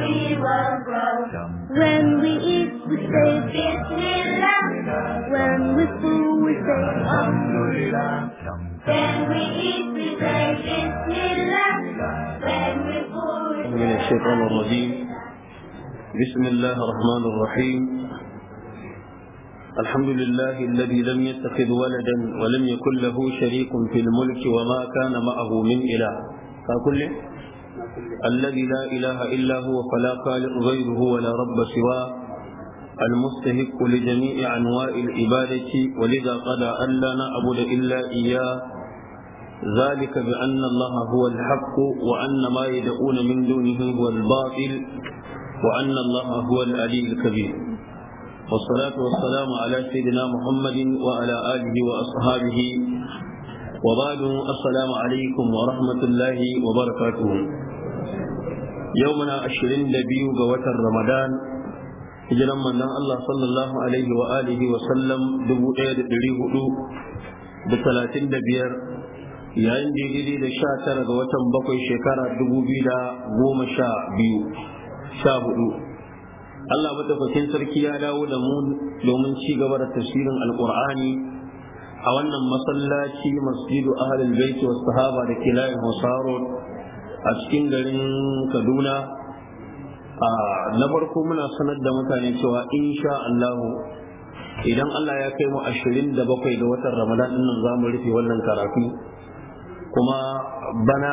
we will grow. When we eat, we say Bismillah. When we fool, we say Alhamdulillah. When we eat, we say Bismillah. When we fool, we say Alhamdulillah. بسم الله الرحمن الرحيم الحمد لله الذي لم يتخذ ولدا ولم يكن له شريك في الملك وما كان معه من إله فكله الذي لا إله إلا هو فلا خالق غيره ولا رب سواه المستهق لجميع أنواع العبادة ولذا قضى ألا نعبد إلا إياه ذلك بأن الله هو الحق وأن ما يدعون من دونه هو الباطل وأن الله هو العلي الكبير والصلاة والسلام على سيدنا محمد وعلى آله وأصحابه وبعد السلام عليكم ورحمة الله وبركاته yau muna ashirin da biyu ga watan ramadan hijiran mannan Allah sallallahu alaihi wa alihi wa sallam dubu ɗaya da ɗari hudu da talatin da biyar yayin daidai da sha tara ga watan bakwai shekara dubu biyu da goma sha biyu sha hudu Allah madaukakin sarki ya dawo da mu domin ci gaba da tafsirin alkur'ani a wannan masallaci masjidu ahlul baiti was sahaba da ke layin hosaro a cikin garin kaduna na farko muna sanar da mutane cewa insha Allahu idan Allah ya kai mu ashirin da bakwai ga watan ramadan nan za mu rufe wannan karatu kuma bana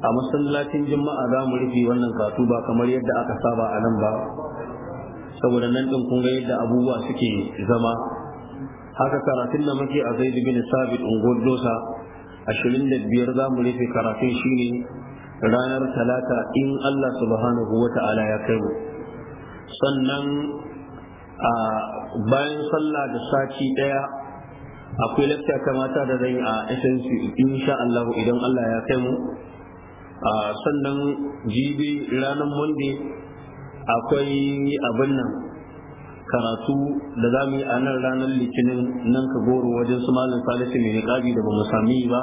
a masallacin juma'a za mu rufe wannan karatu ba kamar yadda aka saba a nan ba saboda nan ɗin kun ga yadda abubuwa suke zama haka karatun da muke a zaidu bin sabit ungodosa dosa ashirin da biyar za mu rufe karatun shine ranar talata in Allah subhanahu wa ta'ala ya kai mu sannan a bayan sallah da sati daya akwai lafiya ta mata da zai a SNC insha Allah idan Allah ya kai mu sannan jibi ranar monday akwai abin nan karatu da za mu yi a nan ranar litinin nan ka goro wajen su malam salisu mai niƙabi da ba mu sami ba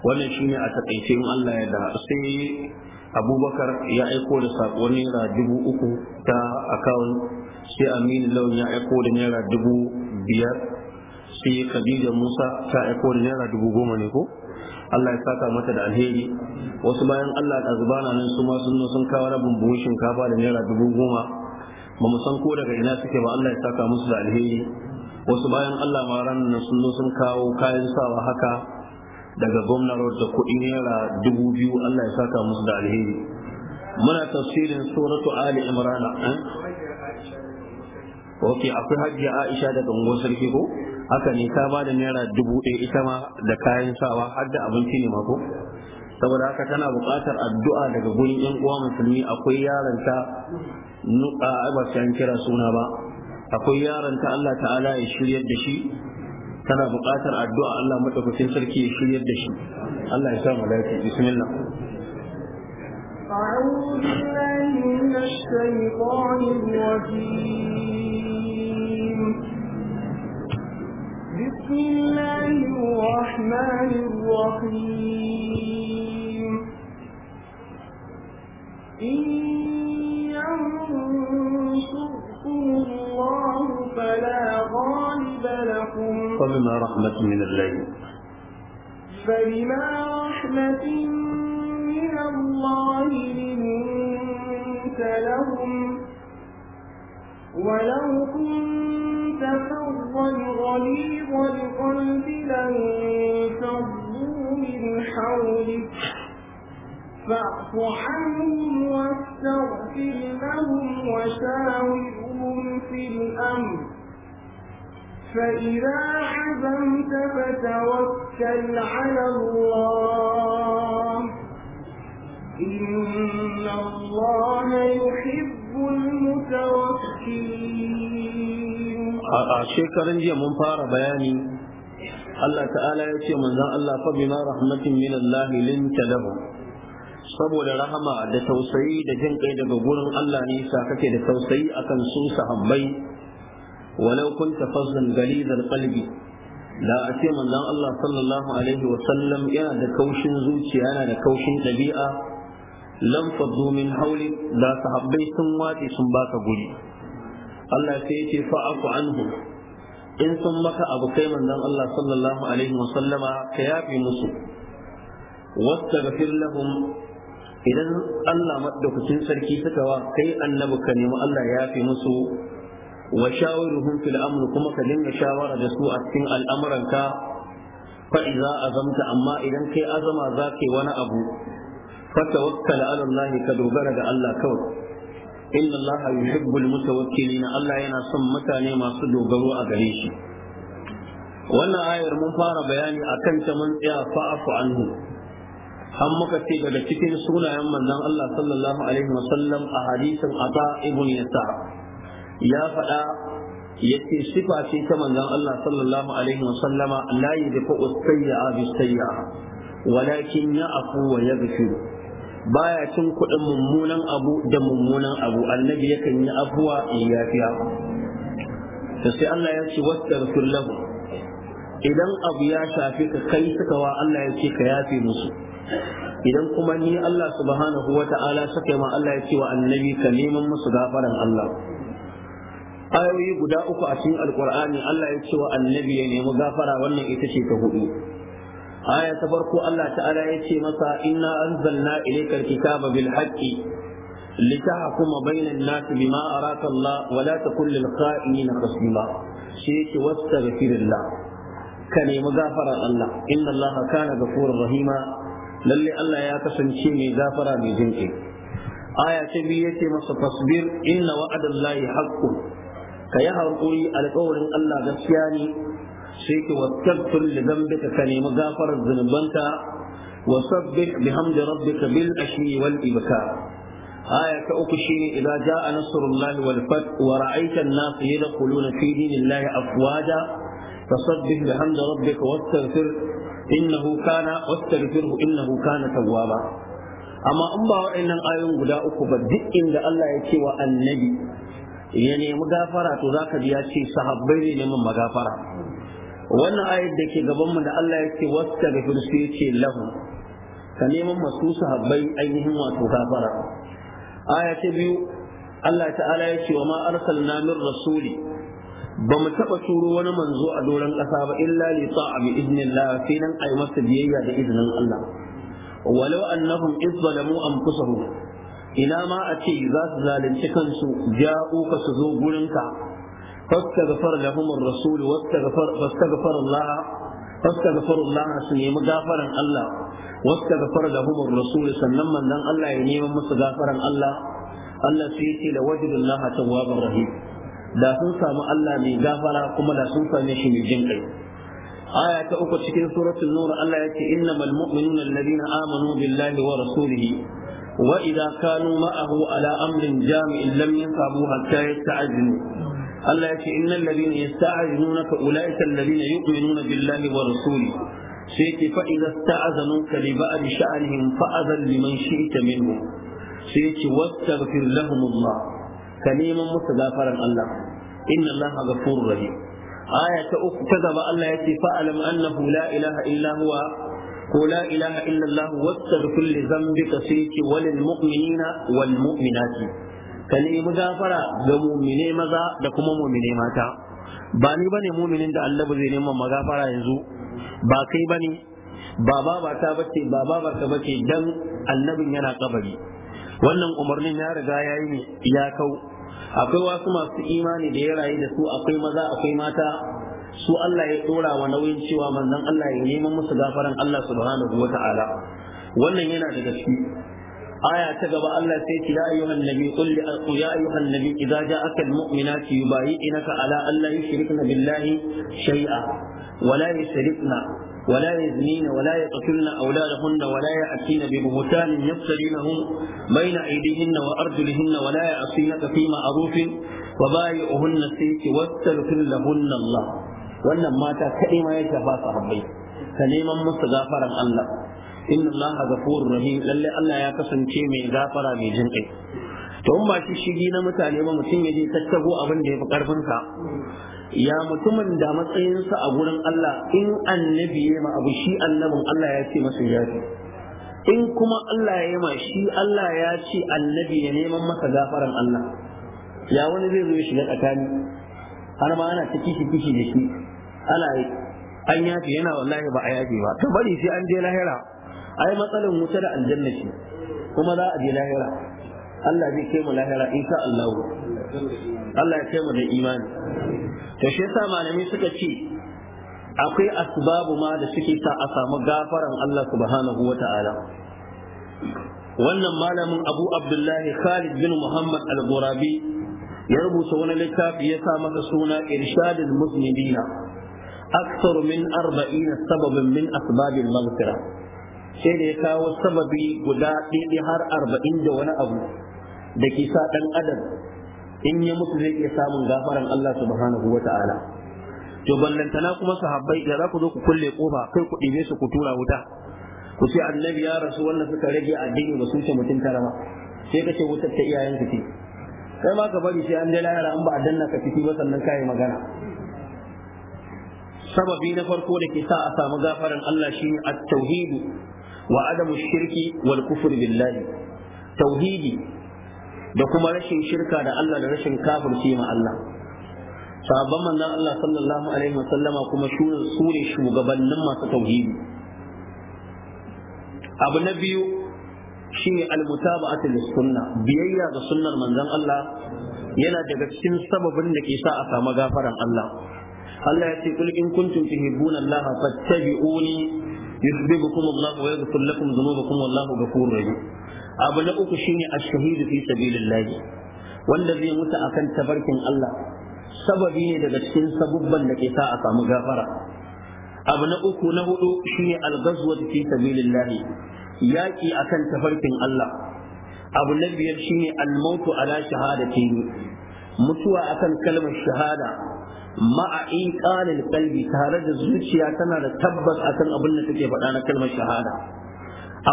wannan shi ne a taƙaice in Allah ya da sai abubakar ya aiko da saƙo naira dubu uku ta akawun sai aminu lawan ya aiko da naira dubu biyar sai khadija musa ta aiko da naira dubu goma ne ko Allah ya saka mata da alheri wasu bayan Allah zuba na nan su ma sun sun kawo rabin buhun shinkafa da naira dubu goma ba mu san ko daga ina suke ba Allah ya saka musu da alheri wasu bayan Allah ma ran sun kawo kayan sawa haka daga gwamnarwar da kuɗi naira dubu biyu Allah ya saka musu da alheri muna tafsirin suratu ali imran eh? ok akwai hajjiya aisha daga unguwar sarki ko haka ne ta bada naira dubu ɗaya ita ma da kayan sawa har da abinci ne mako saboda haka tana buƙatar addu'a daga gurin yan uwa musulmi akwai ta nuka ba sai an kira suna ba akwai yaron ta Allah ta'ala ya shiryar da shi tana buƙatar addu'a Allah madaukakin sarki ya shiryar da shi Allah ya sa mu lafiya bismillah أعوذ بالله من الشيطان الرجيم بسم الله الرحمن الرحيم إن ينصركم الله فلا فبما رحمة من الله فبما رحمة من الله لنت لهم ولو كنت فظا غليظ القلب لانفضوا من حولك فاعف عنهم واستغفر لهم وشاورهم في الأمر فإذا عزمت فتوكل على الله إن الله يحب المتوكلين شكرا جي من فار بياني Allah ta'ala ya ce manzan Allah fa bima rahmatin min Allah linta lahu saboda rahama da tausayi da jin kai daga gurin Allah ne sa kake da tausayi akan su sahabbai ولو كنت فظا غليظ القلب da a ce manzon Allah sallallahu wa sallam yana da kaushin zuciya yana da kaushin ɗabi'a lam domin min hauli da sahabbai sun wace sun baka guri Allah sai ya ce fa'afu anhu in sun maka abu kai manzon Allah sallallahu alaihi wa sallama ka yafe musu wastaghfir lahum idan Allah madaukakin sarki suka kai annabi ka nemi Allah ya yafe musu wa shawiruhum fil amr kuma ka dinga shawara da su a cikin al'amuranka fa idza azamta amma idan kai azama za ka wani abu fa tawakkal ala ka dogara da Allah kawai inna Allah yuhibbul mutawakkilin Allah yana son mutane masu dogaro a gare shi wannan ayar mun fara bayani akan ta mun tsaya fa'afu anhu an muka ce daga cikin sunayen manzon Allah sallallahu alaihi wasallam a hadisin Ata ibn Yasar ya faɗa ya ce sifa ce ta manzon Allah sallallahu alaihi wa sallama la yadfa'u sayya'a bi sayya'a walakin afu wa yaghfiru baya cin kuɗin mummunan abu da mummunan abu annabi yakan yi afuwa yafiya to sai Allah ya ce wastaghfir lahu idan abu ya shafi ka kai suka wa Allah ya ce ka yafe musu idan kuma ni Allah subhanahu wa ta'ala suka ma Allah ya ce wa annabi ka neman musu gafaran Allah ayoyi guda uku a cikin alkur'ani Allah ya ce wa annabi ya nemi gafara wannan ita ce ta hudu aya ta farko Allah ta'ala ya ce masa inna anzalna ilayka alkitaba bil haqqi litahkuma bainan nas bima araka Allah wa la takun lil kha'inina khasima shi yake wastaghfirullah ka nemi gafara Allah inna Allah kana ghafurur rahima lalle Allah ya kasance mai gafara mai jinƙi aya ce biyu ce masa fasbir inna wa'adallahi haqqun ka yi haƙuri alƙawarin Allah gaskiya ne sai ki wattaqfir da dhanbika ka nemi gafarar zunubanka wa sabbih bihamdi rabbika bil ashi wal ibkar aya ta uku shine idza jaa nasrullah wal fath wa ra'aita an-nas yadkhuluna fi dinillahi afwaja fasabbih bihamdi rabbika wastaghfir innahu kana wastaghfirhu innahu kana tawwaba amma in ba wa'annan ayoyin guda uku ba duk inda Allah ya ce wa annabi ya nemi gafara to za ka biya ce sahabbai ne neman magafara wannan ayat da ke gaban mu da Allah ya ce wasta ga firsu ce lahu ka neman masu sahabbai ainihin wato gafara aya ta biyu Allah ta'ala ya ce wa ma arsalna min rasuli ba mu taɓa turo wani manzo a doron ƙasa ba illa li ta'a bi idnillah sai nan ayi masa biyayya da izinin Allah walau annahum iz anfusahum ina ma a ce za su zalunci kansu ja'uka su zo gurinka fastaghfar da ar-rasul wastaghfar fastaghfar Allah fastaghfar Allah su nemi gafaran Allah wastaghfar da ar-rasul sannan manzon Allah ya nemi musu gafaran Allah Allah su sai ce da wajidullahi tawwabar rahim da sun samu Allah mai gafara kuma da sun same shi mai jin kai aya ta uku cikin suratul nur Allah yake innamal mu'minuna alladhina amanu billahi wa rasulihi وإذا كانوا معه على أمر جامع لم يصابوا حتى يستعجلوا الله يقول إن الذين يستعجلونك أولئك الذين يؤمنون بالله ورسوله سيتي فإذا استأذنوك لبعض شأنهم فأذن لمن شئت منهم سيتي واستغفر لهم الله كنيما متغافرا الله إن الله غفور رحيم آية أخرى كذب الله يتي فألم أنه لا إله إلا هو ko la ilaha illallah wastaghfir li dhanbika sai ce walil mu'minina wal mu'minati ka nemi gafara ga mu'mine maza da kuma mu'mine mata ba ni bane mu'minin da Allah zai neman magafara yanzu ba kai bane ba ta bace ba babar bace dan annabin yana kabari wannan umarnin ya riga ya yi kau akwai wasu masu imani da ya rayu da su akwai maza akwai mata su Allah ya dora wa nauyin cewa manzon Allah ya neman musu gafaran Allah subhanahu wa ta'ala wannan yana da gaske aya ta gaba Allah sai ki ya ayyuhan nabi qul ya ayyuhan nabi idza ja'aka almu'minatu yubayyinaka ala an la yushrikna billahi shay'a wa la yushrikna ولا يزنين ولا يقتلن أولادهن ولا يأتين ببهتان يفترينه بين أيديهن وأرجلهن ولا يعصينك في معروف وبايعهن سيك واستغفر لهن الله wannan mata kaɗai ma ya tafasa sahabbai ka neman musu gafaran Allah inna Allah ghafurur rahim lalle Allah ya kasance mai gafara mai jin kai to in shi shigi na mutane ba mutum ya je tattago abin da ya fi karfin ka ya mutumin da matsayinsa a gurin Allah in annabi ya ma abu shi annabin Allah ya ce masa ya in kuma Allah ya ma shi Allah ya ce annabi ya neman masa gafaran Allah ya wani zai zo ya shiga tsakani har ma ana ta kishi kishi da shi ana an yafe yana wallahi ba a yafe ba to bari sai an je lahira ai matsalin wuta da aljanna ce kuma za a je lahira Allah zai kai mu lahira insha Allah Allah ya kai mu da imani to shi yasa malami suka ce akwai asbabu ma da suke sa a samu gafaran Allah subhanahu wa ta'ala wannan malamin Abu Abdullahi Khalid bin Muhammad Al-Ghurabi ya rubuta wani littafi ya sa masa suna irshadul muslimina akthar min arba'in sababin min asbabil maghfira sai da ya kawo sababi guda ɗiɗi har arba'in da wani abu da ke sa ɗan adam in ya mutu zai iya samun gafaran Allah subhanahu wa ta'ala to ballantana kuma sahabbai da za ku zo ku kulle kofa kai ku ɗibe su ku tura wuta ku ce annabi ya rasu wannan suka rage addini ba sun ce mutum tara sai ka ce wutar ta iyayen ce kai ma ka bari sai an je lahira an ba a danna ka ciki ba sannan kai magana sababi na farko da ke sa a samu gafaran Allah shine at-tauhid wa adamu shirki wal kufr billahi tauhidi da kuma rashin shirka da Allah da rashin kafirci ma Allah sabon manzon Allah sallallahu alaihi wa sallama kuma su ne shugabannin masu tauhidi abu na biyu shine almutaba'atu lis-sunna biyayya ga sunnar manzon Allah yana daga cikin sababin da ke sa a samu gafaran Allah Allah ya ce kul in kuntum tuhibbuna Allah fattabi'uni yuhibbukum Allah wa yaghfir lakum dhunubakum wallahu ghafurur rahim abu na uku shine ash-shahidu fi sabilillah wanda zai mutu akan tabarkin Allah sababi ne daga cikin sabubban da ke sa a samu gafara abu na uku na hudu shine al-ghazwatu fi sabilillah yaƙi akan tafarkin Allah abu na biyar shine almautu ala shahada mutuwa akan kalmar shahada ma'a iqalil qalbi tare da zuciya tana da tabbas akan abin da take faɗa na kalmar shahada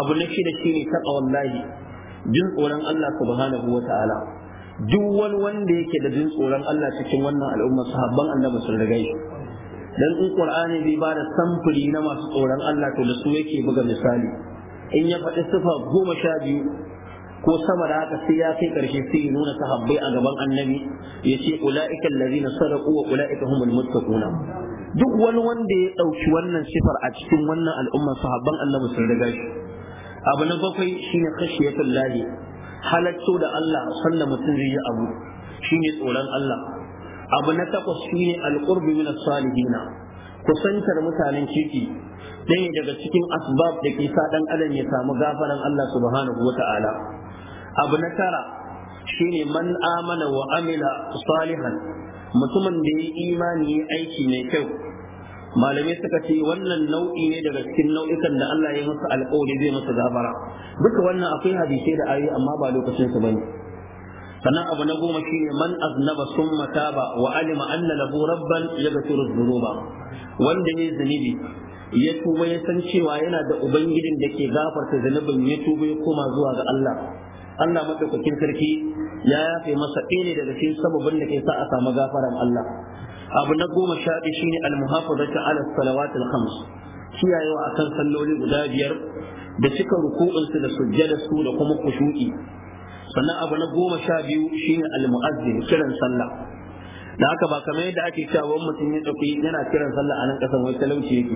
abu na shida taɓa wallahi, jin tsoron Allah subhanahu ta'ala. duk wani wanda yake da jin tsoron Allah cikin wannan al'umma sahabban annabi sun riga dan in qur'ani bai ba da samfuri na masu tsoron Allah to da su yake buga misali in ya faɗi sifa goma sha biyu ko sama da haka sai ya kai karshe sai ya nuna sahabbai a gaban annabi ya ce ula'ika allazina sadaqu wa ula'ika humul muttaquna duk wani wanda ya ɗauki wannan sifar a cikin wannan al'ummar sahabban annabi sun riga shi abu na bakwai shine khashiyatul lahi halatto da Allah sanda mutum zai yi abu shine tsoron Allah abu na takwas shine alqurbi min as-salihin kusantar mutanen kirki ɗaya daga cikin asbab da ke sa ɗan adam ya samu gafaran Allah subhanahu wa ta'ala abu na tara shine man amana wa amila salihan mutumin da ya imani ya aiki mai kyau malamai suka ce wannan nau'i ne daga cikin nau'ikan da Allah ya masa alƙawari zai masa gafara duka wannan akwai hadisai da ayoyi amma ba lokacin su bane sannan abu na goma shi ne man aznaba sun mataba wa alima anna lahu rabban ya gafiru wanda ne zunubi ya tuba ya san cewa yana da ubangijin da ke gafarta zanubin ya tuba ya koma zuwa ga Allah Allah madaukakin sarki ya yafe masa ɗaya daga cikin sababin da ke sa a samu gafaran Allah abu na goma sha ɗaya shine al-muhafazatu ala salawatil khams kiyayewa akan salloli guda biyar da cika su da sujjadarsu da kuma kushu'i sannan abu na goma sha biyu shine al-mu'azzin kiran sallah da haka ba kamar yadda ake cewa wani mutum ya tsofi yana kiran sallah a nan kasan wai talauci yake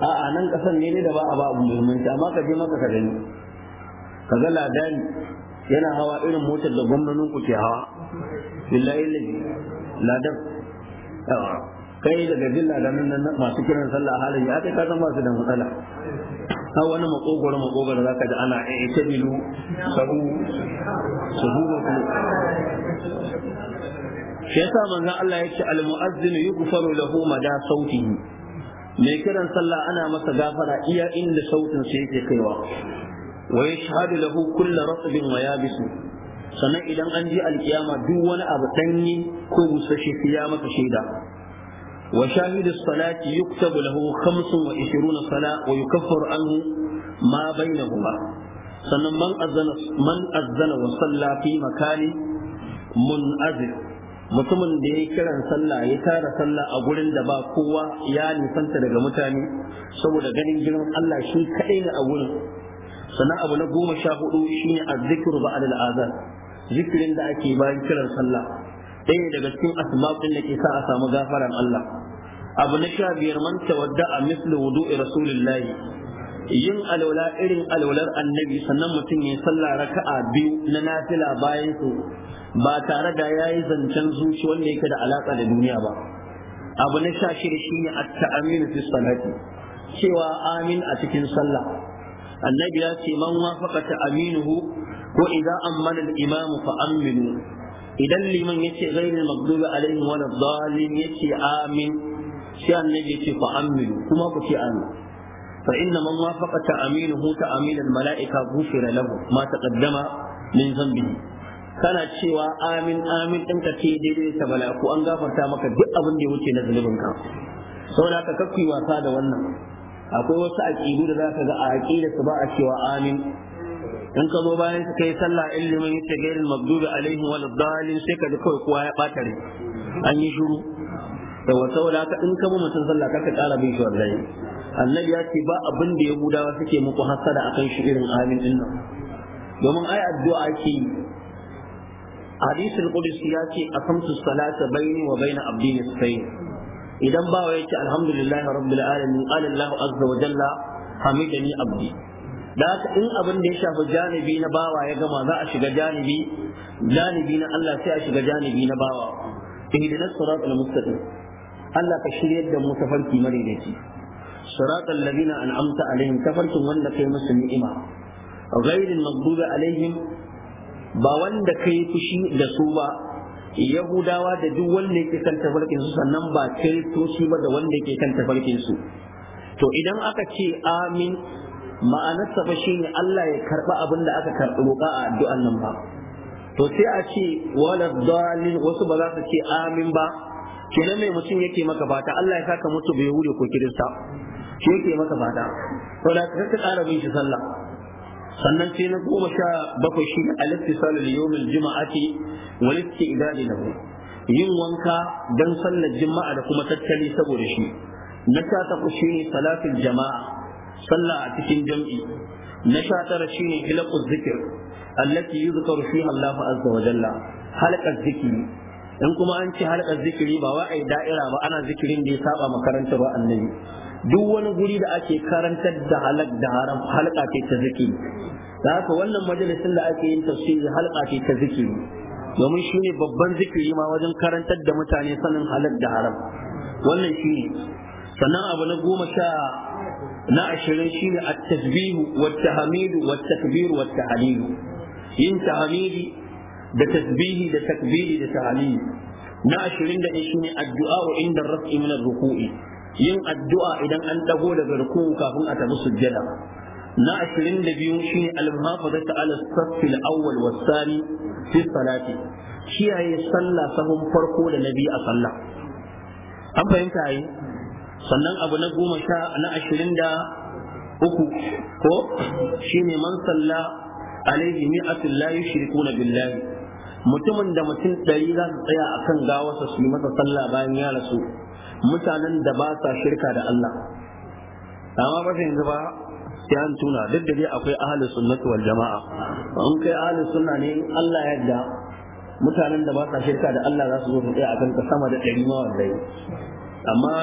a a nan kasan ne da ba a ba abu muhimmanci amma ka je maka ka gani ka ga ladani yana hawa irin motar da gwamnanin ku ke hawa billahi ladan kai daga jin ladanin nan masu kiran sallah a halin ya kai ka san su da matsala har wani makogoro makogoro zaka ji ana eh, eh tabilu sabu sabu shi yasa manzon Allah yake al mu'azzin yughfaru lahu mada sautihi Me kiran sallah ana masa gafara iya inda sautin sa yake kaiwa wa yashhadu lahu kullu ratbin wa yabisu sannan idan an ji alkiyama duk wani abu danyi ko busasshe ya maka shaida wa shahidu salati yuktabu lahu 25 sala wa yukaffaru anhu ma bainahuma sannan man azzana man azzana wa salla fi makani munazir mutumin da ya kiran sallah ya tara sallah a gurin da ba kowa ya nisanta daga mutane saboda ganin girman Allah shi kadai ne a gurin sannan abu na goma sha hudu ne azzikru ba'd al-azan zikirin da ake bayan kiran sallah ɗaya daga cikin ɗin da ke sa a samu gafaran Allah abu na sha biyar man tawadda a mislu wudu'i rasulillahi yin alwala irin alwalar annabi sannan mutum ya sallah raka'a biyu na nafila bayan su ba tare da yayi zancen zuci wanda yake da alaka da duniya ba abu na sha shida shine at-ta'aminu fi salati cewa amin a cikin sallah annabi ya ce man wafaqa ta'aminuhu ko idza ammana al-imam fa aminu idan liman yace ghayril maghdubi alaihim walad dallin yace amin sai annabi ya ce fa kuma ku ce amin فإن من وافق تأمينه تأمين الملائكة غفر له ما تقدم من ذنبه kana cewa amin amin ɗin ka ce daidai ta mala'iku an gafarta maka duk abin da ya wuce na zunubinka saboda haka kakku wasa da wannan akwai wasu aƙidu da za ka ga a aƙida su ba a cewa amin in ka zo bayan su kai sallah ilimin yace gairil magdubi alaihim wal dalin sai ka ji kawai kowa ya ɓata an yi shiru da wata wadata in ka bi mutun sallah ka ƙara bin shi wallahi annabi ya ce ba abin da yahudawa suke muku hasada akan shi irin amin din nan domin ai addu'a ake yi hadisul qudsi ya ce akamtu salata baini wa baina abdi nisfain idan ba wai ce alhamdulillahi rabbil alamin qala allah azza wa jalla hamidani abdi da haka in abin da ya shafi janibi na bawa ya gama za a shiga janibi janibi na Allah sai a shiga janibi na bawa ihdinas siratal mustaqim Allah ka shiryar da mu tafarki madaidaici صراط الذين أنعمت عليهم كفرتم وأن كي مسلم غير المغضوب عليهم ba wanda ka yi fushi da su ba yahudawa da duk wanda yake kan tafarkin sannan ba kiristoci ba da wanda yake kan tafarkin to idan aka ce amin ma'anarsa fa shine Allah ya karba abin da aka karɓi roƙa a addu'an nan ba to sai a ce wala wasu ba za su ce amin ba kenan mai mutum yake maka fata Allah ya saka mutu bai hude ko kirista shi yake maka fada to da ka ka ƙara bin shi sallah sannan sai na goma sha bakwai shi al-ittisalu li yawmil juma'ati wal na lahu yin wanka dan sallar juma'a da kuma tattali saboda shi na sha takwas ne salatin jama'a sallah a cikin jam'i na sha tara shine hilaqu zikr allati yuzkaru fiha Allahu azza wa jalla halaqat zikri in kuma an ce halaqat zikri ba wa'ai da'ira ba ana zikirin da ya saba makarantar annabi duk wani guri da ake karantar da halak da haram halka ce ta zuki da haka wannan majalisin da ake yin tafsiri halka ce ta zuki domin shi ne babban zikiri ma wajen karantar da mutane sanin halak da haram wannan shi ne sannan abu na goma sha na ashirin shi ne a tasbihu wa tahamidu wa takbiru wa tahalilu yin tahamidi da tasbihi da takbiri da tahalilu na ashirin da shi ne addu'a inda rafi min rukui yin addu'a idan an dago daga ruku kafin a tafi sujjada na ashirin da biyu shine al-muhafaza ta ala saffil awwal wasani fi salati kiyaye sallah sahun farko da nabi a sallah an fahimta yi sannan abu na goma sha na ashirin da uku ko shine man salla alaihi mi'atul la yushrikuna billahi mutumin da mutum ɗari za su tsaya akan gawarsa su yi masa sallah bayan ya rasu mutanen da ba sa shirka da Allah amma ba yanzu ba ya tuna duk da dai akwai ahlus sunnati wal jama'a in kai ahlus sunna ne Allah ya yarda mutanen da ba sa shirka da Allah za su zo su tsaya akan ka sama da ɗari ma wallahi amma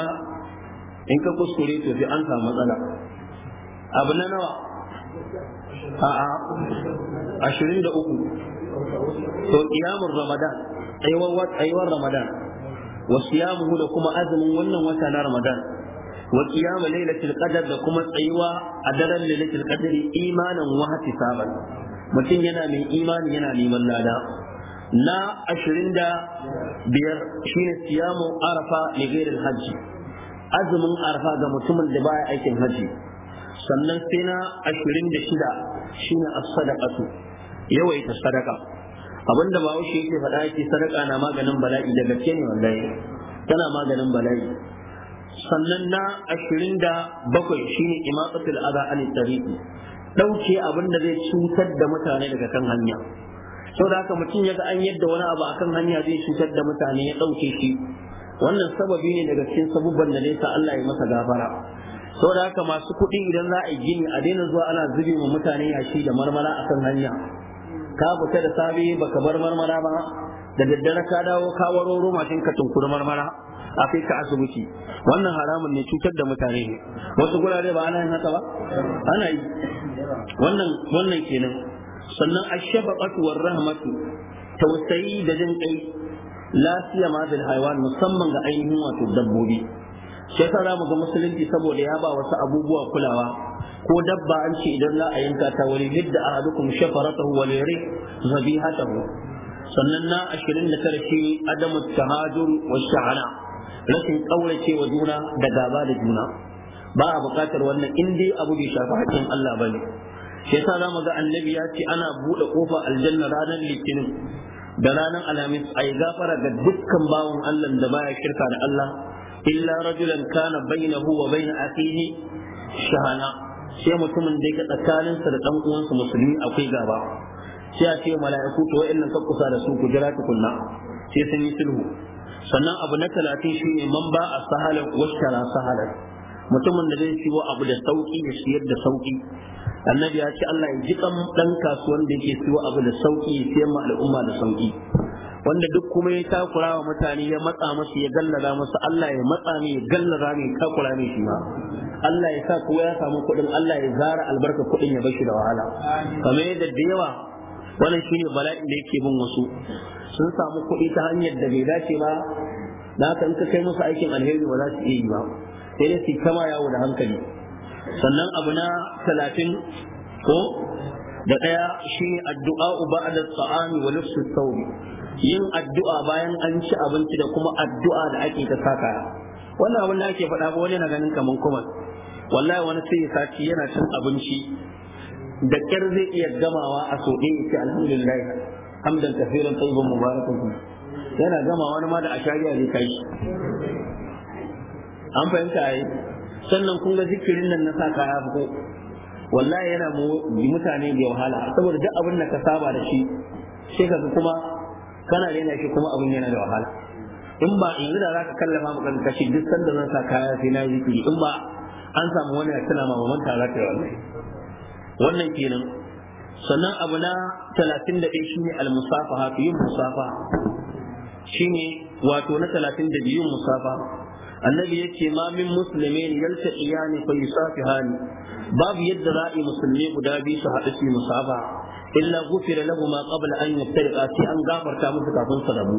in ka kuskure to sai an samu matsala abu na nawa a'a ashirin da uku to iyamun ramadan tsayuwar ramadan wa siyamuhu da kuma azumin wannan wata na Ramadan wa qiyam lailatul da kuma tsayuwa a daren lailatul qadri imanan wa hisaban mutum yana mai imani yana neman nada. na ashirin da biyar shine siyamu arafa li ghairil hajji azumin arafa ga mutumin da baya aikin hajji sannan sai na ashirin da shida shine as-sadaqatu yawaita sadaka abinda ba wuce yake faɗa yake sadaka na maganin bala'i da gaske ne wallahi tana maganin bala'i sannan na ashirin da bakwai shine imatsatul aza anit tariqi ɗauke abin da zai cutar da mutane daga kan hanya sau da haka mutum yaga an yadda wani abu akan hanya zai cutar da mutane ya ɗauke shi wannan sababi ne daga cikin sabubban da nesa Allah ya masa gafara sau da haka masu kuɗi idan za a yi gini a daina zuwa ana zube ma mutane yashi da marmara akan hanya ka fita da safe ka bar marmara ba da daddare ka dawo ka waro roma ka tunkuri marmara a kai ka asibiti wannan haramun ne cutar da mutane ne wasu gurare ba ana yin haka ba ana yi wannan wannan kenan sannan ashabaqatu war rahmatu tausayi da jin kai lafiya ma da haiwan musamman ga ainihin wato dabbobi shi yasa zamu ga musulunci saboda ya ba wasu abubuwa kulawa ko dabba an ce idan za a yanka ta wali yadda ahadukum shafaratahu zabi liri zabihatahu sannan na 29 shi adamu tahajur wa sha'ana rashin kaurace wa juna da gaba da juna ba a buƙatar wannan in dai abu bai shafi hakkin Allah bane shi yasa zamu ga annabi ya ce ana buɗe kofa aljanna ranar litinin da ranar alhamis a yi gafara ga dukkan bawan Allah da baya shirka da Allah illa rajulan kana bainahu wa bain akhihi shahana sai mutumin da yake tsakaninsa da dan uwansa musulmi akwai gaba sai a ce mala'iku to wa'annan kakkusa da su ku jira tukunna sai sun yi sulhu sannan abu na talatin shine man a sahalar washtara sahalar mutumin da zai siyo abu da sauki ya siyar da sauki annabi ya ce Allah ya ji dan kasuwan da yake siyo abu da sauƙi ya siyar ma al'umma da sauƙi. wanda duk kuma ya takura wa mutane ya matsa masu ya gallaza masu Allah ya matsa ne ya gallaza ne ya takura ne shi ma Allah ya sa kowa ya samu kuɗin Allah ya zara albarka kuɗin ya bashi da wahala kamar yadda da yawa wannan shine bala'in da yake bin wasu sun samu kuɗi ta hanyar da bai dace ba da haka in ka kai musu aikin alheri ba za su iya yi ba sai dai su kama yawo da hankali sannan abu na talatin ko da ɗaya shine addu'a ba'da tsa'ani wa nafsu sauri yin addu'a bayan an ci abinci da kuma addu'a da ake ta saka wannan abin da ake faɗa ba wani na ganin kamar kuma wallahi wani sai ya sati yana cin abinci da ƙyar zai iya gamawa a so ɗaya ya ce alhamdulillah hamdan kafiran tayyiban mubarakun yana gama wani ma da ashariya zai kai an fahimta yi sannan kun ga zikirin nan na sa kaya fito wallahi yana mutane da wahala saboda duk abin da ka saba da shi sai ka kuma kana rena shi kuma abin yana da wahala in ba yanzu da zaka kallama mu kan kashi duk sanda zan sa kaya sai na yi kiri in ba an samu wani ya tana ma mamanta za ta yi wallahi wannan kenan sannan abu na talatin da ɗaya shine almusafaha yin musafa shine wato na talatin da biyun musafa annabi ya ce ma min musulmin yalta iyani fa yusafihani babu yadda za musulmi guda biyu su haɗu su musafa illa gufira lahu ma qabla an yaftariqa sai an gafarta musu kafin su rabu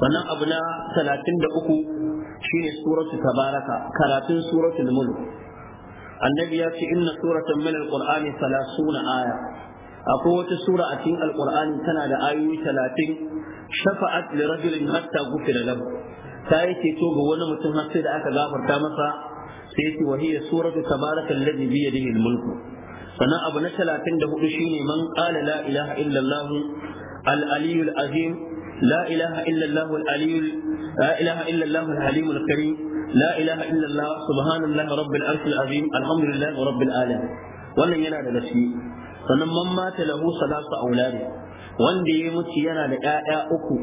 sannan abu na 33 shine suratu tabaraka karatun suratul mulk annabi ya ce inna suratan min alqur'ani 30 aya akwai wata sura a cikin alqur'ani tana da ayoyi 30 shafa'at li rajulin hatta gufira lahu ta yi ceto ga wani mutum har sai da aka gafarta masa sai ce wa hiya suratu tabaraka alladhi bi yadihi almulku sannan abu na talatin da hudu shine man qala la ilaha illallah al aliyul azim la ilaha illallah al aliyul la ilaha illallah al halimul karim la ilaha illallah subhanallah rabbil arshil azim alhamdulillah rabbil alamin wannan yana da gaske sannan man mata lahu salatu auladi wanda ya mutu yana da ƴaƴa uku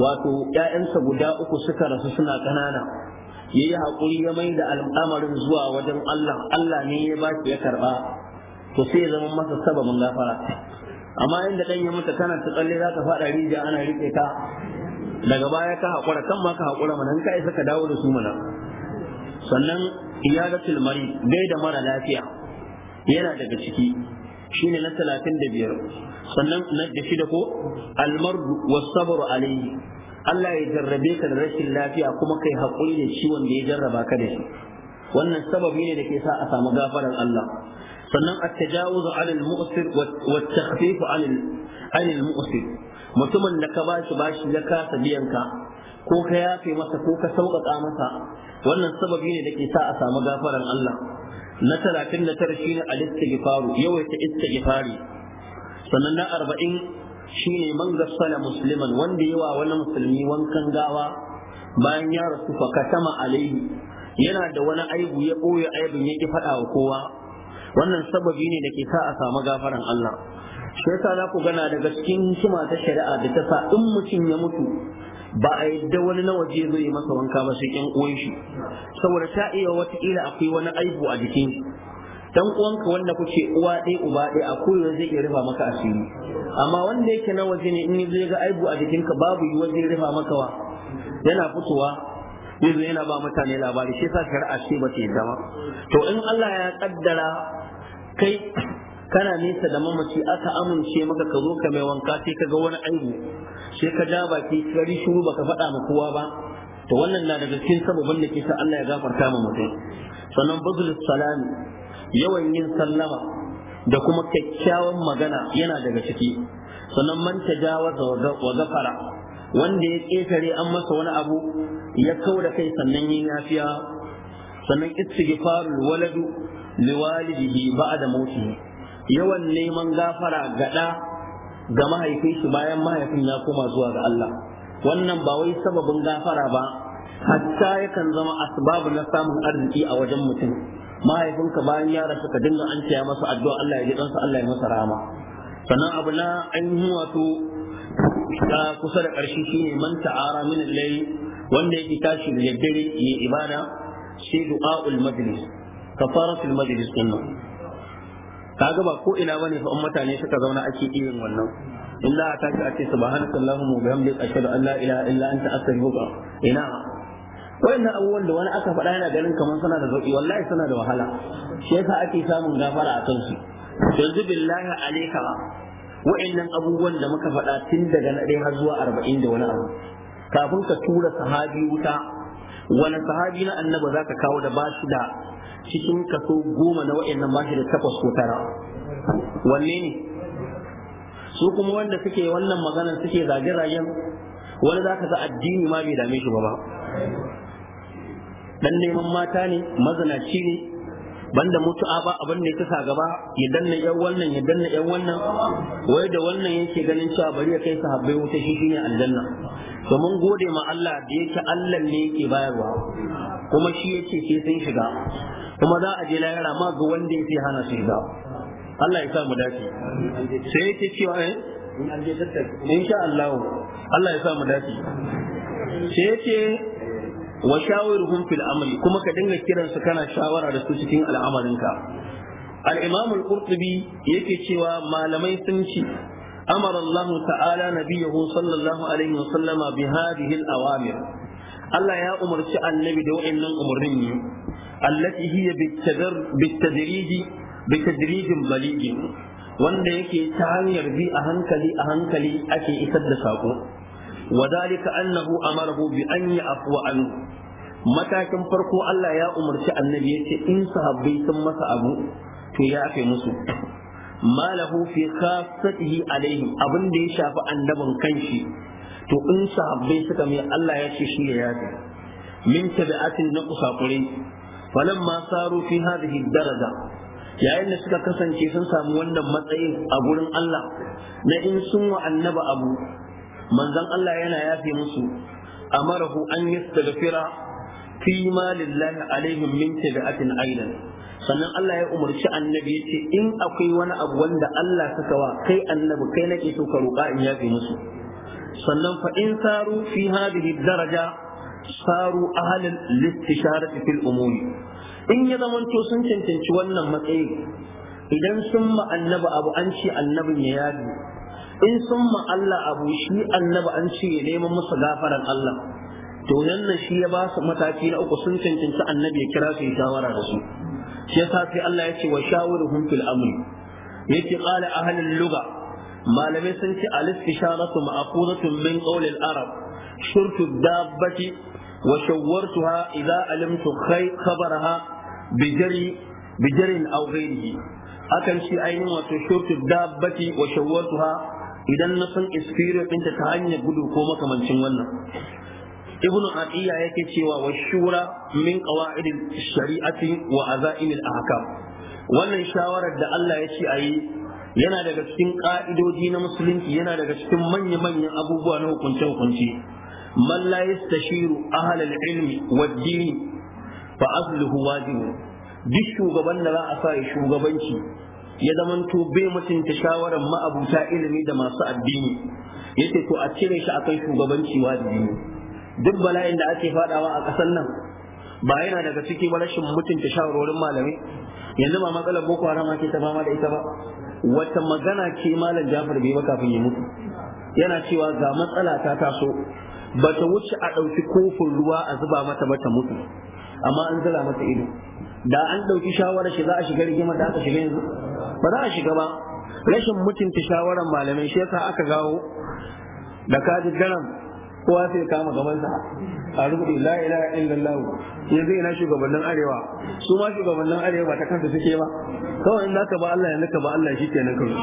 wato ƴaƴansa guda uku suka rasu suna ƙanana yayi haƙuri ya mai da al'amarin zuwa wajen Allah Allah ne ya ba ya karɓa to sai ya zama masa sababin gafara amma inda dan ya mutu kana ta tsalle za ta faɗa rijiya ana riƙe ka daga baya ka haƙura kan ma ka haƙura mana in ka isa ka dawo da su mana sannan iyadatul mari dai da mara lafiya yana daga ciki shine na talatin da biyar sannan na da shida ko almardu sabru alayhi Allah ya jarrabe ka da rashin lafiya kuma kai haƙuri da ciwon da ya jarraba ka da shi wannan sababi ne da ke sa a samu gafaran Allah sannan at-tajawuz 'ala al-mu'sir wa at-takhfif musir mutumin da ka bashi bashi ya kasa biyan ka ko ka yafe masa ko ka sauƙaƙa masa wannan sababi ne da ke sa a samu gafaran Allah na talatin na tara shine al-istighfaru yawaita istighfari sannan na arba'in shine man gassala musliman wanda yawa wani musulmi wankan gawa bayan ya rasu fa katama alaihi yana da wani aibu ya ɓoye aibin ya ki faɗa wa kowa wannan sababi ne da ke sa a samu gafaran Allah shi yasa za ku gana daga cikin hikima ta shari'a da ta sa in mutum ya mutu ba a yadda wani na waje zai yi masa wanka ba sai ƴan uwan shi saboda ta iya wata kila akwai wani aibu a jikin shi dan uwanka wanda kuke uwa ɗaya uba ɗaya a koyo zai iya rufa maka asiri amma wanda yake na waje ne in zai ga aibu a jikinka babu yi zai rufa maka wa yana fitowa yanzu yana ba mutane labari shi yasa shari'a ce ba ta ba to in Allah ya kaddara kai kana nesa da mamaci aka amince maka ka zo ka mai wanka sai ka ga wani aibu sai ka ja baki Kari shuru baka faɗa ma kowa ba to wannan na daga cikin sababin da ke sa Allah ya gafarta ma mutum sannan bazul salami yawan yin sallama da kuma kyakkyawan magana yana daga ciki sannan man tajawaza wa gafara wanda ya ƙetare an masa wani abu ya kau da kai sannan yin yafiya sannan istighfarul waladu liwalidihi da mauti yawan neman gafara ga ga mahaifin bayan mahaifin ya koma zuwa ga Allah wannan ba wai sababin gafara ba hatta yakan zama asbabu na samun arziki a wajen mutum mahaifinka bayan ya rasu ka dinga an masa addu'a Allah ya ji ɗansa Allah ya masa rama. sannan abu na ainihin wato Da kusa da ƙarshe shine man ta'ara min al-layl wanda yake tashi da dare yi ibada sai du'aul majlis kafaratul majlis din nan kaga ba ko ina bane fa mutane suka zauna ake irin wannan in ta a a ce subhanaka allahumma wa bihamdihi ashhadu an la ilaha illa anta astaghfiruka ina wayannan abubuwan da wani aka faɗa yana ganin kamar suna da zauki wallahi suna da wahala shi yasa ake samun gafara a kansu yanzu billahi alaika wa'annan abubuwan da muka faɗa tun daga na ɗaya har zuwa arba'in da wani abu kafin ka tura sahabi wuta wani sahabi na annaba za ka kawo da bashi da cikin kaso goma na wa'annan bashi da takwas ko tara wanne ne su kuma wanda suke wannan maganar suke zage-zagen wani za ka ga addini ma bai dame shi ba ba dan neman mata ne mazanaci ne banda mutu'a ba abin da ya kasa gaba ya danna yan wannan ya danna yan wannan wai da wannan yake ganin cewa bari ya kai sahabbai wuta shi shine aljanna to mun gode ma Allah da yake Allah ne yake bayarwa kuma shi yake sai sun shiga kuma za a je lahira ma ga wanda yake hana su shiga Allah ya sa mu dace sai yake cewa eh in sha Allah Allah ya sa mu dace sai yake wa shawiruhum fil amri kuma ka dinga kiran su kana shawara da su cikin al'amarinka al-imam al-qurtubi yake cewa malamai sun ci amara Allah ta'ala nabiyahu sallallahu alaihi wa sallama bi hadhihi al-awamir Allah ya umarci annabi da wa'annan umarnin ne allati hiya bitadrij bitadrij baligh wanda yake ta hanyar bi a hankali a hankali ake isar da sako وذلك أنه أمره بأن يعفو عنه matakin farko Allah ya umarci annabi ya ce in sahabbai sun masa abu to ya afe musu malahu fi khassatihi alaihim abin da ya shafi annabin kanshi to in sahabbai suka mai Allah ya ce shi ya yafe min tabi'atin na kusakurai falamma saru fi hadhihi daraja yayin da suka kasance sun samu wannan matsayin a gurin Allah na in sun wa annaba abu manzon Allah yana yafe musu amarahu an yastaghfira fi ma lillahi alaihim min tabi'atin aidan sannan Allah ya umarci annabi ya ce in akwai wani abu wanda Allah saka wa kai annabi kai nake so ka roƙa in yafe musu sannan fa in saru fi hadhihi daraja saru ahlan listisharati fil umumi in ya zamanto sun cancanci wannan matsayi idan sun ma annabi abu an ce annabin ya yafe in sun ma Allah abu shi annabi an ce ya neman musu gafaran Allah to nan shi ya ba su mataki na uku sun cancanci annabi ya kira su ya shawara da su shi yasa sai Allah ya ce wa shawiruhum fil amri yace qala ahlul lugha malamai sun ce al-istisharatu ma'qudatun min qawli arab shurtu dabbati wa shawwartuha idza alimtu khabaraha bijari bijarin aw ghayrihi akan shi ainihin wato shurtu dabbati wa shawwartuha idan na san experience ɗinta ta hanyar gudu ko makamancin wannan ibn atiya yake cewa wa shura min qawaid shari'ati wa azaim al ahkam wannan shawarar da Allah ya ce ayi yana daga cikin ka'idoji na musulunci yana daga cikin manya-manyan abubuwa na hukunce-hukunce man la yastashiru ahal al ilmi wa din fa asluhu wajib duk shugaban da za a sa shugabanci ya zamanto bai mutunta shawarar ma'abuta ilimi da masu addini yace to a cire shi akai shugabanci wajibi duk bala'in da ake fadawa a ƙasar nan ba yana daga ciki ba rashin mutunta shawarorin malamai yanzu ba matsalar boko haram ake ta fama da ita ba wata magana ce malam Jafar bai ba kafin ya mutu yana cewa ga matsala ta taso ba ta wuce a ɗauki kofin ruwa a zuba mata ba mutu amma an zira mata ido da an ɗauki shawarar shi za a shiga rigimar da aka shiga yanzu ba za a shiga ba rashin mutunta shawaran malamai shi yasa aka gawo da kaji garam kowa sai kama gabansa a rubuta la ilaha illallah yanzu ina shugabannin arewa su ma shugabannin arewa ba ta kansa suke ba kawai in zaka ba Allah ya ka ba Allah shi kenan kawai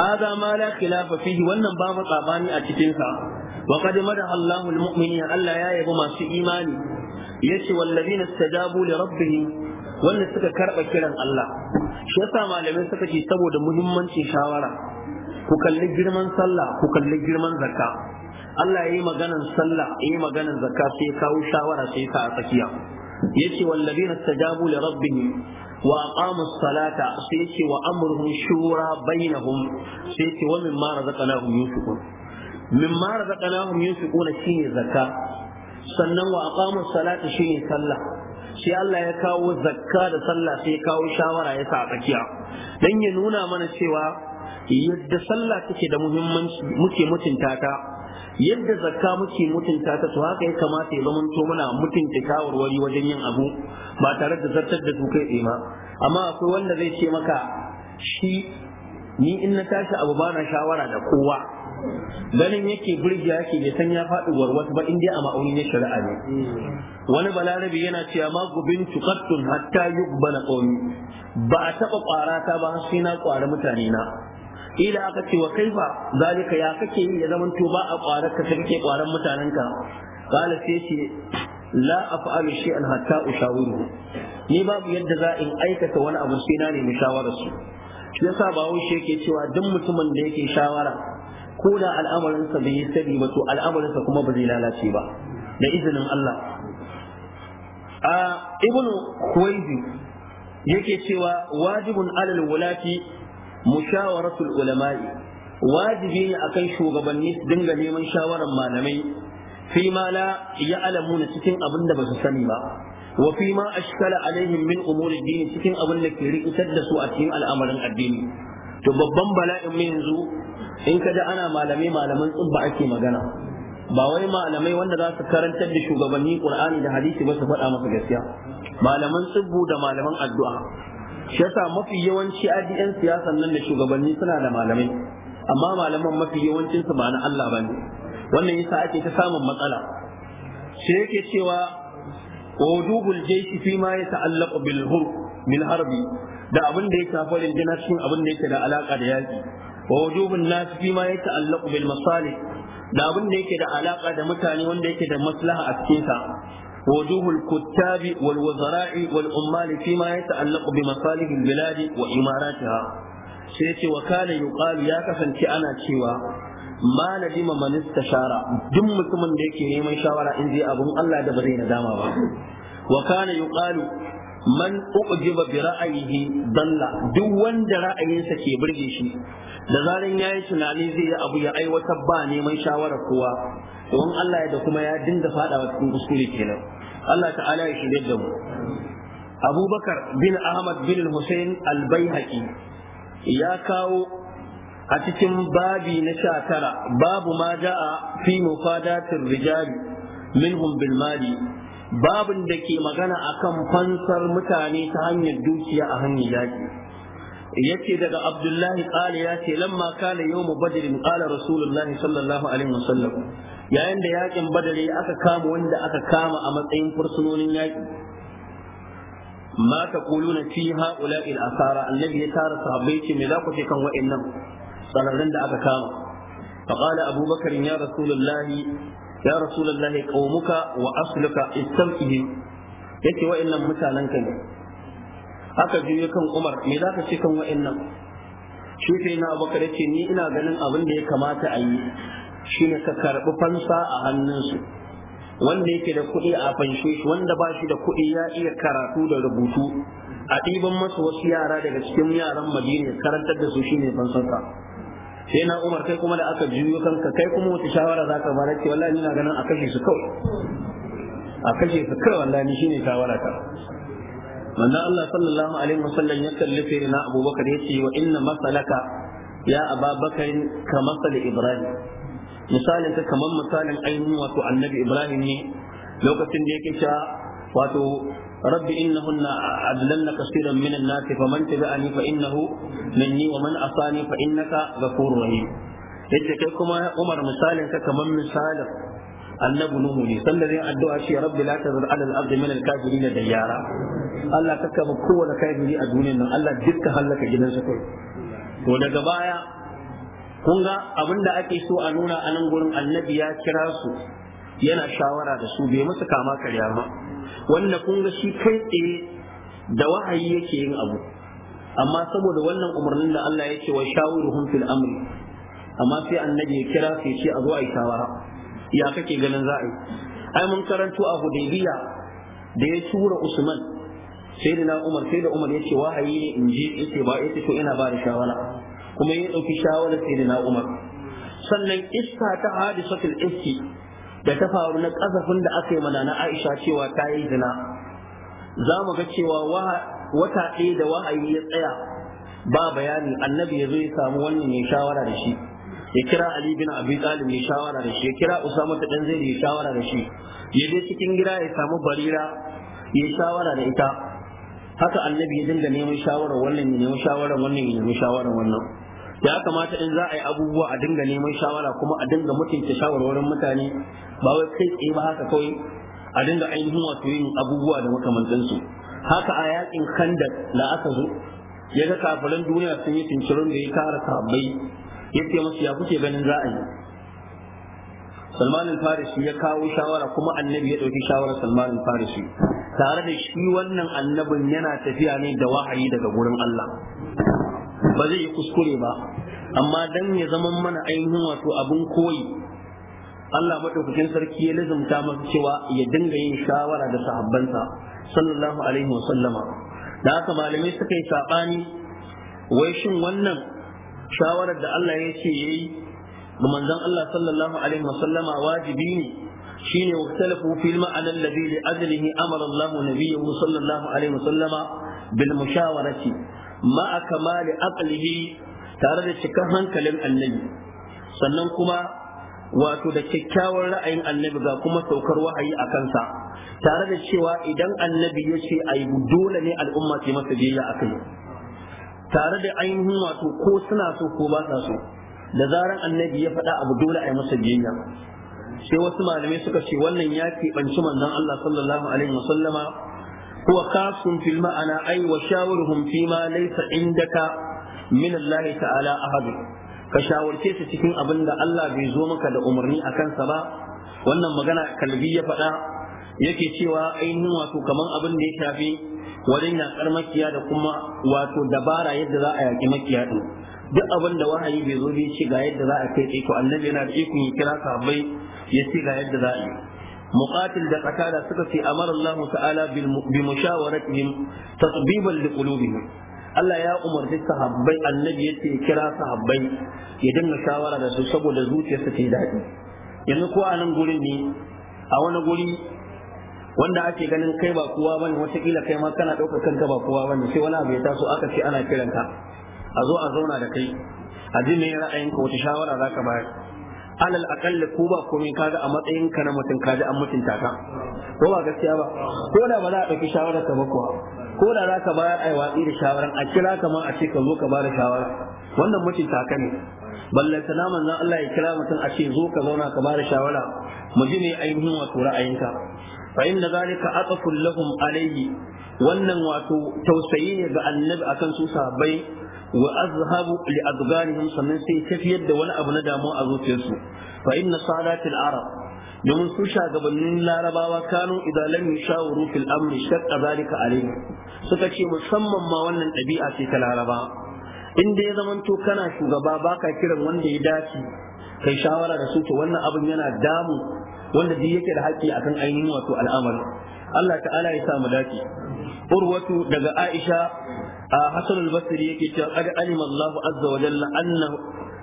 hada ma la khilafa fihi wannan ba mu tsabani a cikin sa wa qad madaha Allahu al-mu'minina Allah ya yaba masu imani yace wallazina istajabu li rabbihim wanda suka karɓa kiran Allah shi yasa malamai suka ce saboda muhimmancin shawara ku kalli girman sallah ku kalli girman zakka Allah ya yi maganan sallah ya yi maganan zakka sai kawo shawara sai sa a tsakiya yace wallazina tajabu li rabbihim wa aqamu salata sai yace wa amruhum shura bainahum sai yace wa mimma razaqnahum yunfiqun mimma razaqnahum yunfiquna shine zakka sannan wa aqamu salata shine sallah sai Allah ya kawo zakka da sallah sai ya kawo shawara ya sa tsakiya dan ya nuna mana cewa yadda sallah take da muhimmanci muke mutunta ta yadda zakka muke mutunta ta to haka ya kamata ya zama to muna mutunta wari wajen yin abu ba tare da zartar da su kai ma amma akwai wanda zai ce maka shi ni in na tashi abu bana shawara da kowa ganin yake burge yake bai san ya faɗi warwata ba indiya a ma'auni ya shari'a ne wani balarabi yana cewa ma gubin tuqattun hatta yuqbala qawmi ba a ƙwara ta ba har sai na ƙwara mutane na ila aka ce wa kaifa zalika ya kake yi ya zaman to ba a ƙwarar ka kake ƙwaran mutanen ka qala sai ce la af'alu shay'an hatta ushawiru ni babu yadda za in aikata wani abu sai na nemi shawararsu. su yasa bawo shi yake cewa duk mutumin da yake shawara ko da al'amarinsa bai yi sani ba to al'amarinsa kuma ba zai lalace ba da izinin Allah a Kuwaizi khuwaizi yake cewa wajibun alal wulati mushawaratul ulama'i wajibi ne akan shugabanni su dinga neman shawaran malamai fi ma la na cikin abin da ba su sani ba wa fi ma ashkala alaihim min umuri dini cikin abin da ke rikitar da su a cikin al'amarin addini to babban bala'in mu yanzu in ka da ana malamai malaman tsubba ake magana ba wai malamai wanda za su karantar da shugabanni qur'ani da hadisi ba su faɗa maka gaskiya malaman tsubbu da malaman addu'a shi yasa mafi yawanci adiyan siyasan nan da shugabanni suna da malamai amma malaman mafi yawancin su ba na Allah bane wannan yasa ake ta samun matsala shi yake cewa wujuhul jayshi fi ma yata'allaqu bil hurb min harbi da abin da ya shafi rinjina cikin abin da yake da alaka da yaki wa wujubun nas fi ma yata'allaqu bil masalih da abin da yake da alaka da mutane wanda yake da maslaha a cikin sa وجوه الكتاب والوزراء والعمال فيما wa بمصالح البلاد وإماراتها سيتي وكان يقال ya kasance ana cewa, ما ندم من استشار duk mutumin da yake neman shawara in zai abun Allah da na nadama ba wa kana yuqalu man uqjiba bi ra'ayihi dalla duk wanda ra'ayinsa ke burge shi da zaran yayi tunani zai yi abu ya aiwatar ba neman shawarar kowa don Allah ya da kuma ya dinga fadawa cikin kuskure kenan Allah ta'ala ya shirye da mu Abubakar bin Ahmad bin Hussein al-Baihaqi ya kawo a cikin babi na sha tara babu ma ja'a fi mufadatir rijali minhum bil mali babin da ke magana akan fansar mutane ta hanyar dukiya a hanyar yaƙi yace daga abdullahi qala ce, lamma kana yawmu badr qala rasulullahi sallallahu alaihi wasallam yayin da yaƙin badare aka kama wanda aka kama a matsayin fursunonin yaƙi ma na fi ha'ula'i al-asara annabi ya tara sahabbai ce me za ku ce kan wa'annan tsararren da aka kama فقال أبو بكر يا رسول الله ya rasulullahi qaumuka wa asluka istamihim yace wa'annan mutanen ka ne aka juye kan Umar me za ka ce kan wa'annan shi sai na Abubakar yace ni ina ganin abin da ya kamata a yi shine ka karbi fansa a hannunsu wanda yake da kuɗi a fanshe shi wanda ba shi da kuɗi ya iya karatu da rubutu a ɗiban masa wasu yara daga cikin yaran Madina karantar da su shine fansarsa sai na umar kai kuma da aka juyo kanka kai kuma wata shawara za ka bada ce wallahi na ganin a kashe su kawai a kashe su kawai wallahi shine shawara ta manzo Allah sallallahu alaihi wasallam ya kallafe na Bakar yace wa inna masalaka ya Bakar ka masal Ibrahim misalin ka kaman misalin ainihin wato annabi Ibrahim ne lokacin da yake cewa wato رب إنهن أضللن كثيرا من الناس فمن تبعني فإنه مني ومن أصاني فإنك غفور رحيم yace kai kuma Umar misalin ka kamar misalin annabi Nuhu ne sanda zai addu'a shi rabbi la tazar ala al-ardi min al-kafirin da yara Allah ka kama kowane kafiri a duniyar nan Allah dukkan halaka gidansa kai to daga baya kun ga abin da ake so a nuna a nan gurin annabi ya kira su yana shawara da su bai musu kama karya ba wanda kun ga shi kai tsaye da wahayi yake yin abu amma saboda wannan umarnin da Allah yake wa shawiruhum fil amri amma sai annabi ya kira sai ce a zo a yi shawara ya kake ganin za a yi ai mun karanto a hudaybiya da ya tura usman sai da umar sai da umar yace wahayi ne in je yace ba yace to ina ba da shawara kuma ya dauki shawara sai da umar sannan iska ta hadisatul ifki da ta faru na kasafin da aka yi mana na Aisha cewa ta yi zina za mu ga cewa wata ɗaya da wahayi ya tsaya ba bayani annabi ya zo ya samu wannan ya shawara da shi ya kira Ali bin Abi Talib ya shawara da shi ya kira Usama ta dan zai ya shawara da shi ya je cikin gida ya samu Barira ya shawara da ita haka annabi ya dinga neman shawara wannan ya neman shawara wannan ya neman shawara wannan ya kamata in za a yi abubuwa a dinga neman shawara kuma a dinga mutunta shawarwarin mutane ba wai kai tsaye ba haka kawai a dinga ainihin wato yin abubuwa da makamantansu haka a yakin khandak da aka zo ya ga kafirin duniya sun yi tunturin da ya kara sahabbai ya ce musu ya kuke ganin za a yi salmanin farisi ya kawo shawara kuma annabi ya ɗauki shawarar salmanin farisi tare da shi wannan annabin yana tafiya ne da wahayi daga gurin allah ba zai yi kuskure ba amma dan ya zama mana ainihin wato abin koyi Allah madaukakin sarki ya lazumta masa cewa ya dinga yin shawara da sahabbansa sallallahu alaihi wa sallama da haka malamai suka yi sabani wai shin wannan shawarar da Allah ya ce yayi ga manzon Allah sallallahu alaihi wa sallama wajibi ne shine waktalafu fil ma'ana alladhi li ajlihi amara Allah nabiyyu sallallahu alaihi wa sallama bil mushawarati ma'a kamali aqlihi tare da cikar hankalin annabi sannan kuma wato da kyakkyawar ra'ayin annabi ga kuma saukar wahayi a kansa tare da cewa idan annabi ya ce a dole ne al'umma su masa biyayya a kai tare da ainihin wato ko suna so ko ba sa so da zaran annabi ya faɗa abu dole a yi masa biyayya sai wasu malamai suka ce wannan ya keɓanci manzon Allah sallallahu alaihi wasallama هو خاص في المعنى أي وشاورهم فيما ليس عندك من الله تعالى أحد bai zo أبن الله بيزومك لأمرني أكن سبا wannan magana kalbi ya faɗa yake cewa ainihin wato kamar abin da ya shafi wajen yaƙar makiya da kuma wato dabara yadda za a yaƙi makiya ɗin duk abin da wahayi bai zo bai ce ga yadda za a kai tsaye to annabi yana da ikon ya kira sahabbai ya ce ga yadda za a yi muqatil da qatada suka ce amara Allah ta'ala bi mushawaratihim tatbiban liqulubihim Allah ya umarci sahabbai annabi yace kira sahabbai ya dinga shawara da su saboda zuciyarsa ta daɗi yanzu ko a nan gurin ne a wani guri wanda ake ganin kai ba kowa bane wataƙila kai ma kana ɗaukar kanka ba kowa bane sai wani abu ya taso aka ce ana kiranka a zo a zauna da kai a ji me ra'ayinka wata shawara za ka bayar alal akalla ko ba komai kaga a matsayin ka na mutum kaji an mutunta ka ko ba gaskiya ba ko da ba za a ɗauki shawarar ka ba kuwa ko da za ka bayar ai watsi da shawaran a kira ka ma a ce ka zo ka ba da shawara wannan mutunta ka ne ballanta na manzon Allah ya kira mutum a ce zo ka zauna ka ba da shawara mu ji ne ainihin wato ra'ayinka fa inna zalika aqful lahum alayhi wannan wato tausayi ne ga annabi akan su sahabbai wa azhabu li adghanihim sannan sai tafiyar da wani abu na damuwa a zuciyarsu fa inna salatil arab domin su shagabannin larabawa kano idan lam yushawuru fil amri shaqqa zalika suka ce musamman ma wannan ɗabi'a ce ta laraba inda ya zamanto kana shugaba baka kiran wanda ya dace kai shawara da su to wannan abin yana damu wanda duk yake da haƙƙi akan ainihin wato al'amari Allah ta'ala ya sa mu dace urwatu daga Aisha حسن البصري يكي قد علم الله عز وجل أنه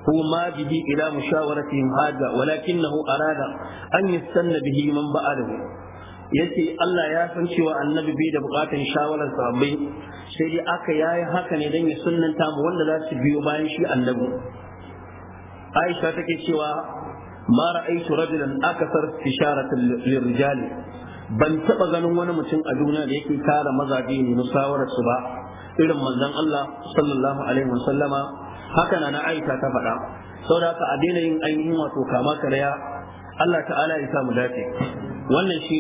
هو ما به إلى مشاورتهم هذا ولكنه أراد أن يستن به من بعده yace Allah ya san cewa annabi bai da bukatan shawarar sahabbai sai dai aka yayi haka ne don ya sunnanta mu wanda za su biyo bayan shi annabi Aisha take cewa ma ra'aytu rajulan akthar isharatan lirrijali ban taba ganin wani mutum a duniya da yake tara mazaje ne musawarar su ba irin manzon Allah sallallahu alaihi haka na Aisha ta faɗa saboda ka a daina yin ainihin wato kama karya Allah ta'ala ya samu dace wannan shi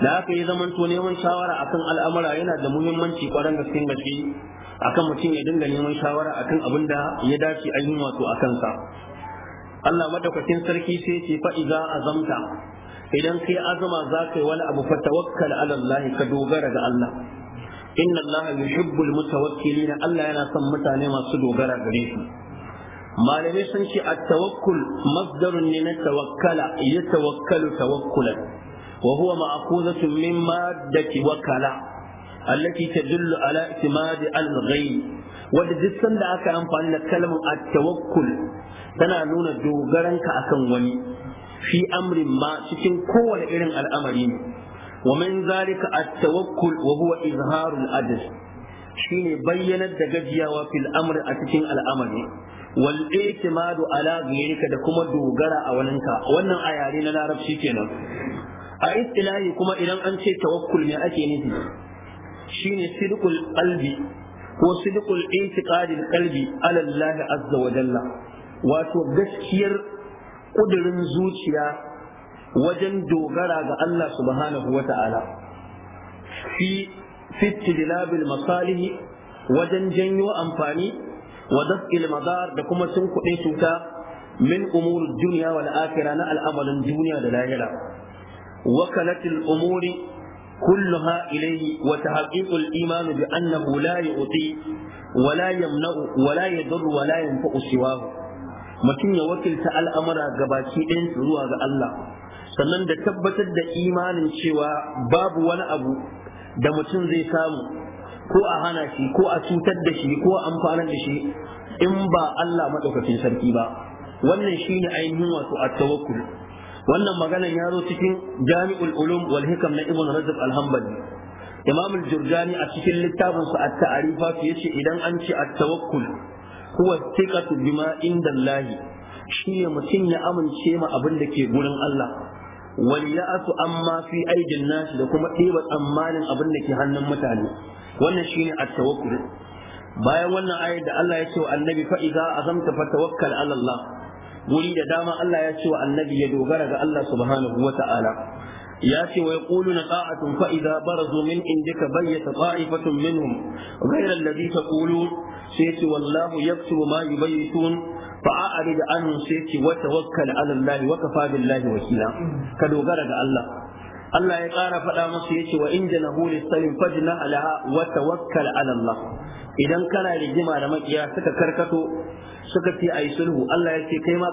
da aka yi zaman to neman shawara akan al'amura yana da muhimmanci kwaran gaske gaske akan mutum ya dinga neman shawara akan abin da ya dace ainihin wato a kansa Allah madaukakin sarki sai ce fa iza azamta idan kai azama za ka yi wani abu fa tawakkal ala Allah ka dogara ga Allah inna allaha yuhibbul mutawakkilina Allah yana son mutane masu dogara gare shi malamai sun ce a tawakkul masdarun ne na tawakkala ya tawakkalu tawakkulan wa huwa ma'khuzatun min maddati wakala allati tadullu ala itimadi al-ghayb wanda duk sanda aka amfani da kalmar at-tawakkul tana nuna dogaranka akan wani fi amrin ma cikin kowane irin al'amari ne ومن ذلك التوكل وهو إظهار العجز شين بينت دجيا وفي الأمر أتكين الأمر والاعتماد على غيرك دكما دوغرا أولنكا وانا آيارين لا رب شكينا أعيد إلهي كما إلان أنت توكل ما أتيني شين صدق القلب وصدق الانتقاد القلب على الله عز وجل wato gaskiyar ƙudurin zuciya wajen dogara ga Allah subhanahu wa ta'ala fi fittilabil masalihi wajen janyo amfani wa daf'il madar da kuma sun kuɗin cuta min umur duniya wa la'akira na al'amarin duniya da lahira wakalatil umuri كلها إليه وتحقيق الإيمان بأنه لا يعطي ولا يمنع ولا يضر ولا ينفع سواه mutum ya wakilta al'amura gabaki ɗin zuwa ga Allah sannan da tabbatar da imanin cewa babu wani abu da mutum zai samu ko a hana shi ko a cutar da shi ko a amfanar da shi in ba Allah maɗaukacin sarki ba wannan ne ainihin wato a tawakkul wannan maganan ya zo cikin Jami'ul Ulum wal Hikam na Ibn Rajab al-Hanbali Imam al-Jurjani a cikin littafin sa at-ta'rifat yace idan an ce at-tawakkul huwa thiqatu bima inda Allah shine mutum ya amince ma abin da ke gurin Allah ya asu amma fi aidin nas da kuma ɗeba tsammanin abin da ke hannun mutane wannan shine at-tawakkul bayan wannan ayar da Allah ya ce wa annabi fa idza azamta fatawakkal ala wuri da dama Allah ya ce wa annabi ya dogara ga Allah subhanahu wa ta'ala ya ce wa yaquluna ta'atun fa idza barazu min indika bayyata ta'ifatun minhum ghayra alladhi taqulun sai ce wallahu yaktubu ma yubayitun fa da anhu sai ce wa tawakkal ala Allah wa wakila ka dogara da Allah Allah ya kara faɗa masa yace wa in janahu lis-salim fajna alaha wa tawakkal ala Allah idan kana rigima da makiya suka karkato suka ce ayi sulhu Allah ya ce kai ma